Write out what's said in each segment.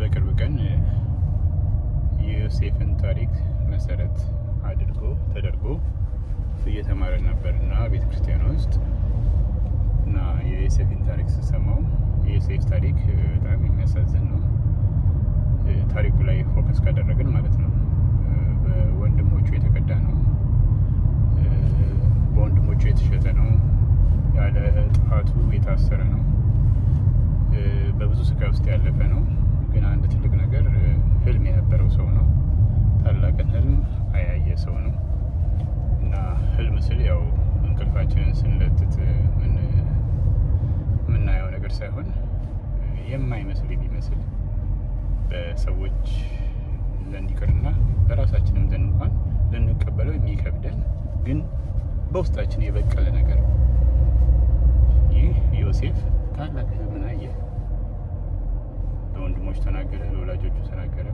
በቅርብ ቀን የዮሴፍን ታሪክ መሰረት አድርጎ ተደርጎ እየተማረ ነበር እና ቤተ ክርስቲያን ውስጥ እና የዮሴፍን ታሪክ ስሰማው የዮሴፍ ታሪክ በጣም የሚያሳዝን ነው። ታሪኩ ላይ ፎከስ ካደረግን ማለት ነው። በወንድሞቹ የተቀዳ ነው። በወንድሞቹ የተሸጠ ነው። ያለ ጥፋቱ የታሰረ ነው። በብዙ ስቃይ ውስጥ ያለፈ ነው። ግን አንድ ትልቅ ነገር ህልም የነበረው ሰው ነው። ታላቅን ህልም አያየ ሰው ነው እና ህልም ስል ያው እንቅልፋችንን ስንለትት የምናየው ነገር ሳይሆን የማይመስል የሚመስል በሰዎች ዘንድ ይቅርና በራሳችንም ዘንድ እንኳን ልንቀበለው የሚከብደን ግን በውስጣችን የበቀለ ነገር ይህ ዮሴፍ ታላቅ ህልምን አየ። ለወላጆች ተናገረ፣ ለወላጆቹ ተናገረ።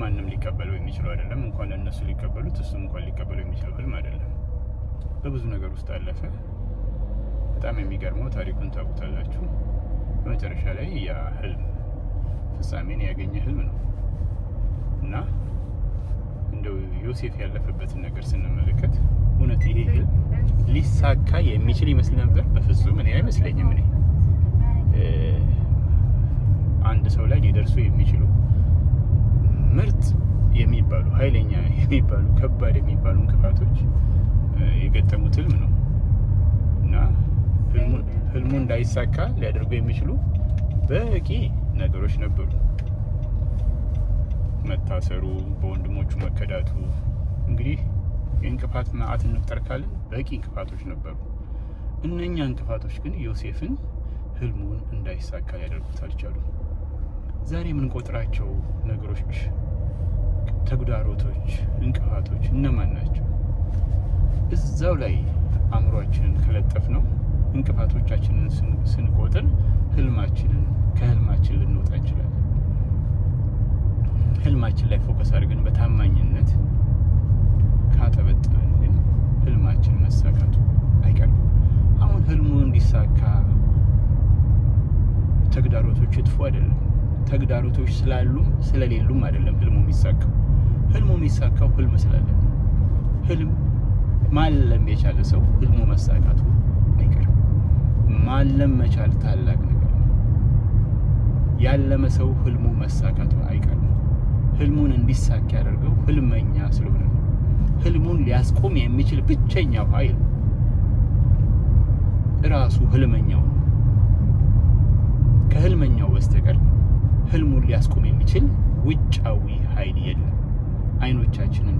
ማንም ሊቀበለው የሚችለው አይደለም። እንኳን ለእነሱ ሊቀበሉት እሱም እንኳን ሊቀበለው የሚችለው ህልም አይደለም። በብዙ ነገር ውስጥ አለፈ። በጣም የሚገርመው ታሪኩን ታውቁታላችሁ። በመጨረሻ ላይ ያ ህልም ፍጻሜን ያገኘ ህልም ነው እና እንደው ዮሴፍ ያለፈበትን ነገር ስንመለከት እውነት ይሄ ህልም ሊሳካ የሚችል ይመስል ነበር? በፍጹም እኔ አይመስለኝም። እኔ ሊያደርሱ የሚችሉ ምርጥ የሚባሉ ኃይለኛ የሚባሉ ከባድ የሚባሉ እንቅፋቶች የገጠሙት ህልም ነው እና ህልሙ እንዳይሳካ ሊያደርጉ የሚችሉ በቂ ነገሮች ነበሩ። መታሰሩ፣ በወንድሞቹ መከዳቱ። እንግዲህ የእንቅፋት መዓት እንፍጠር ካልን በቂ እንቅፋቶች ነበሩ። እነኛ እንቅፋቶች ግን ዮሴፍን ህልሙን እንዳይሳካ ሊያደርጉት አልቻሉም። ዛሬ የምንቆጥራቸው ነገሮች፣ ተግዳሮቶች፣ እንቅፋቶች እነማን ናቸው? እዛው ላይ አእምሯችንን ከለጠፍ ነው እንቅፋቶቻችንን ስንቆጥር ህልማችንን ከህልማችን ልንወጣ እንችላለን። ህልማችን ላይ ፎከስ አድርገን በታማኝነት ካጠበጥብን ግን ህልማችን መሳካቱ አይቀርም። አሁን ህልሙ እንዲሳካ ተግዳሮቶች ይጥፉ አይደለም። ተግዳሮቶች ስላሉ ስለሌሉም አይደለም ህልሙ የሚሳካው። ህልሙ የሚሳካው ህልም ስላለ ህልም ማለም የቻለ ሰው ህልሙ መሳካቱ አይቀርም። ማለም መቻል ታላቅ ነገር ነው። ያለመ ሰው ህልሙ መሳካቱ አይቀርም። ህልሙን እንዲሳካ ያደርገው ህልመኛ ስለሆነ ነው። ህልሙን ሊያስቆም የሚችል ብቸኛው ኃይል እራሱ ህልመኛው ነው። ከህልመኛው በስተቀር ህልሙን ሊያስቆም የሚችል ውጫዊ ኃይል የለም። አይኖቻችንን